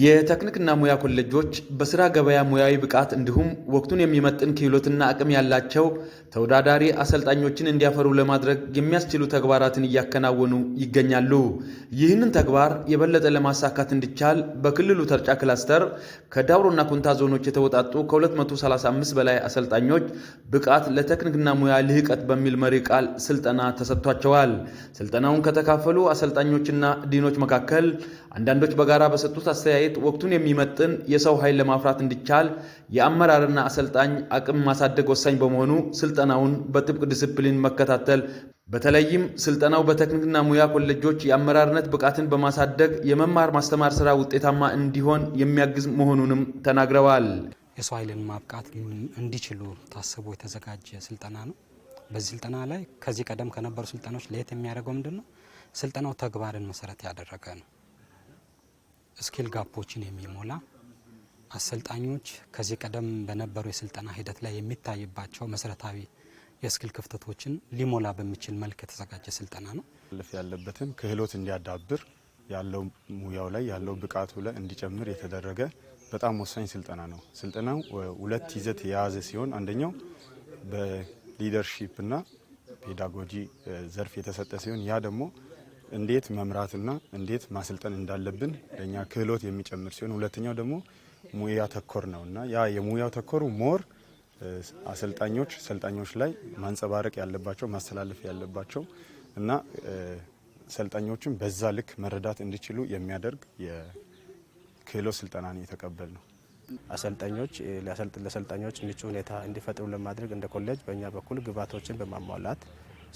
የቴክኒክና ሙያ ኮሌጆች በስራ ገበያ ሙያዊ ብቃት እንዲሁም ወቅቱን የሚመጥን ክህሎትና አቅም ያላቸው ተወዳዳሪ አሰልጣኞችን እንዲያፈሩ ለማድረግ የሚያስችሉ ተግባራትን እያከናወኑ ይገኛሉ። ይህንን ተግባር የበለጠ ለማሳካት እንዲቻል በክልሉ ተርጫ ክላስተር ከዳውሮና ኩንታ ዞኖች የተወጣጡ ከ235 በላይ አሰልጣኞች ብቃት ለቴክኒክና ሙያ ልህቀት በሚል መሪ ቃል ስልጠና ተሰጥቷቸዋል። ስልጠናውን ከተካፈሉ አሰልጣኞችና ዲኖች መካከል አንዳንዶች በጋራ በሰጡት አስተያየት ወቅቱን የሚመጥን የሰው ኃይል ለማፍራት እንዲቻል የአመራርና አሰልጣኝ አቅም ማሳደግ ወሳኝ በመሆኑ ስልጠናውን በጥብቅ ዲስፕሊን መከታተል በተለይም ስልጠናው በቴክኒክና ሙያ ኮሌጆች የአመራርነት ብቃትን በማሳደግ የመማር ማስተማር ስራ ውጤታማ እንዲሆን የሚያግዝ መሆኑንም ተናግረዋል። የሰው ኃይልን ማብቃት እንዲችሉ ታስቦ የተዘጋጀ ስልጠና ነው። በዚህ ስልጠና ላይ ከዚህ ቀደም ከነበሩ ስልጠናዎች ለየት የሚያደርገው ምንድን ነው? ስልጠናው ተግባርን መሰረት ያደረገ ነው። ስኪል ጋፖችን የሚሞላ አሰልጣኞች ከዚህ ቀደም በነበሩ የስልጠና ሂደት ላይ የሚታይባቸው መሰረታዊ የስኪል ክፍተቶችን ሊሞላ በሚችል መልክ የተዘጋጀ ስልጠና ነው። ልፍ ያለበትን ክህሎት እንዲያዳብር ያለው ሙያው ላይ ያለው ብቃቱ ላይ እንዲጨምር የተደረገ በጣም ወሳኝ ስልጠና ነው። ስልጠናው ሁለት ይዘት የያዘ ሲሆን አንደኛው በሊደርሺፕና ፔዳጎጂ ዘርፍ የተሰጠ ሲሆን ያ ደግሞ እንዴት መምራትና እንዴት ማሰልጠን እንዳለብን ለእኛ ክህሎት የሚጨምር ሲሆን ሁለተኛው ደግሞ ሙያ ተኮር ነው እና ያ የሙያ ተኮሩ ሞር አሰልጣኞች ሰልጣኞች ላይ ማንጸባረቅ ያለባቸው ማስተላለፍ ያለባቸው እና ሰልጣኞችን በዛ ልክ መረዳት እንዲችሉ የሚያደርግ የክህሎት ስልጠና የተቀበል ነው። አሰልጣኞች ለሰልጣኞች ምቹ ሁኔታ እንዲፈጥሩ ለማድረግ እንደ ኮሌጅ በእኛ በኩል ግብዓቶችን በማሟላት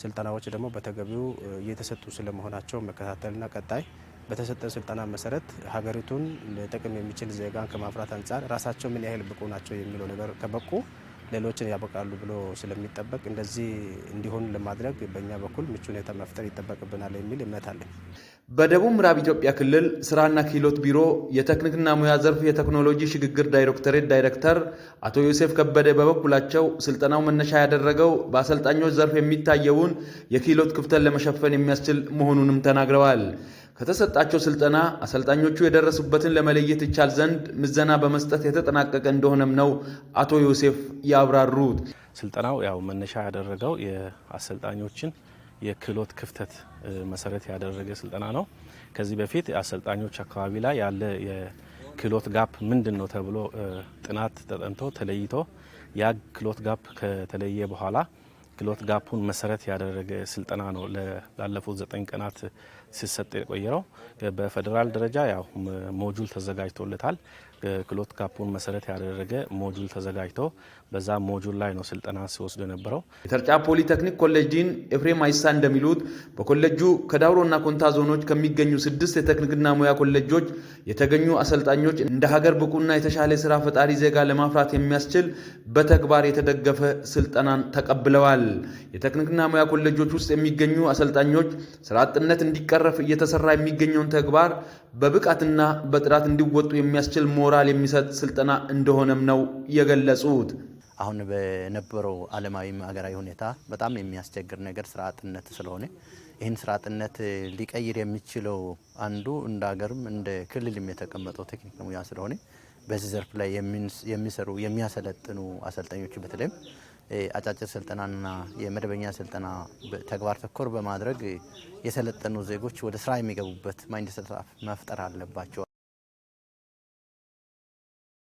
ስልጠናዎች ደግሞ በተገቢው እየተሰጡ ስለመሆናቸው መከታተልና ቀጣይ በተሰጠ ስልጠና መሰረት ሀገሪቱን ለጥቅም የሚችል ዜጋን ከማፍራት አንጻር ራሳቸው ምን ያህል ብቁ ናቸው የሚለው ነገር ከበቁ ሌሎችን ያበቃሉ ብሎ ስለሚጠበቅ እንደዚህ እንዲሆን ለማድረግ በእኛ በኩል ምቹ ሁኔታ መፍጠር ይጠበቅብናል የሚል እምነት አለኝ። በደቡብ ምዕራብ ኢትዮጵያ ክልል ስራና ክህሎት ቢሮ የቴክኒክና ሙያ ዘርፍ የቴክኖሎጂ ሽግግር ዳይሬክተሬት ዳይሬክተር አቶ ዮሴፍ ከበደ በበኩላቸው ስልጠናው መነሻ ያደረገው በአሰልጣኞች ዘርፍ የሚታየውን የክህሎት ክፍተት ለመሸፈን የሚያስችል መሆኑንም ተናግረዋል። ከተሰጣቸው ስልጠና አሰልጣኞቹ የደረሱበትን ለመለየት ይቻል ዘንድ ምዘና በመስጠት የተጠናቀቀ እንደሆነም ነው አቶ ዮሴፍ ያብራሩት። ስልጠናው ያው መነሻ ያደረገው የአሰልጣኞችን የክህሎት ክፍተት መሰረት ያደረገ ስልጠና ነው። ከዚህ በፊት አሰልጣኞች አካባቢ ላይ ያለ የክህሎት ጋፕ ምንድን ነው ተብሎ ጥናት ተጠንቶ ተለይቶ ያ ክህሎት ጋፕ ከተለየ በኋላ ክህሎት ጋፑን መሰረት ያደረገ ስልጠና ነው ላለፉት ዘጠኝ ቀናት ሲሰጥ የቆየረው። በፌዴራል ደረጃ ያው ሞጁል ተዘጋጅቶለታል። ክሎት ካፑን መሰረት ያደረገ ሞጁል ተዘጋጅቶ በዛ ሞጁል ላይ ነው ስልጠና ሲወስዱ የነበረው። የተርጫ ፖሊቴክኒክ ኮሌጅ ዲን ኤፍሬም አይሳ እንደሚሉት በኮሌጁ ከዳውሮና ኮንታ ዞኖች ከሚገኙ ስድስት የቴክኒክና ሙያ ኮሌጆች የተገኙ አሰልጣኞች እንደ ሀገር ብቁና የተሻለ ስራ ፈጣሪ ዜጋ ለማፍራት የሚያስችል በተግባር የተደገፈ ስልጠናን ተቀብለዋል። የቴክኒክና ሙያ ኮሌጆች ውስጥ የሚገኙ አሰልጣኞች ስራ አጥነት እንዲቀረፍ እየተሰራ የሚገኘውን ተግባር በብቃትና በጥራት እንዲወጡ የሚያስችል ሞራል ሞራል የሚሰጥ ስልጠና እንደሆነም ነው የገለጹት። አሁን በነበረው ዓለማዊም ሀገራዊ ሁኔታ በጣም የሚያስቸግር ነገር ስራ አጥነት ስለሆነ ይህን ስራ አጥነት ሊቀይር የሚችለው አንዱ እንደ ሀገርም እንደ ክልልም የተቀመጠው ቴክኒክ ሙያ ስለሆነ በዚህ ዘርፍ ላይ የሚሰሩ የሚያሰለጥኑ አሰልጣኞች በተለይም አጫጭር ስልጠናና የመደበኛ ስልጠና ተግባር ተኮር በማድረግ የሰለጠኑ ዜጎች ወደ ስራ የሚገቡበት ማይንድ መፍጠር አለባቸው።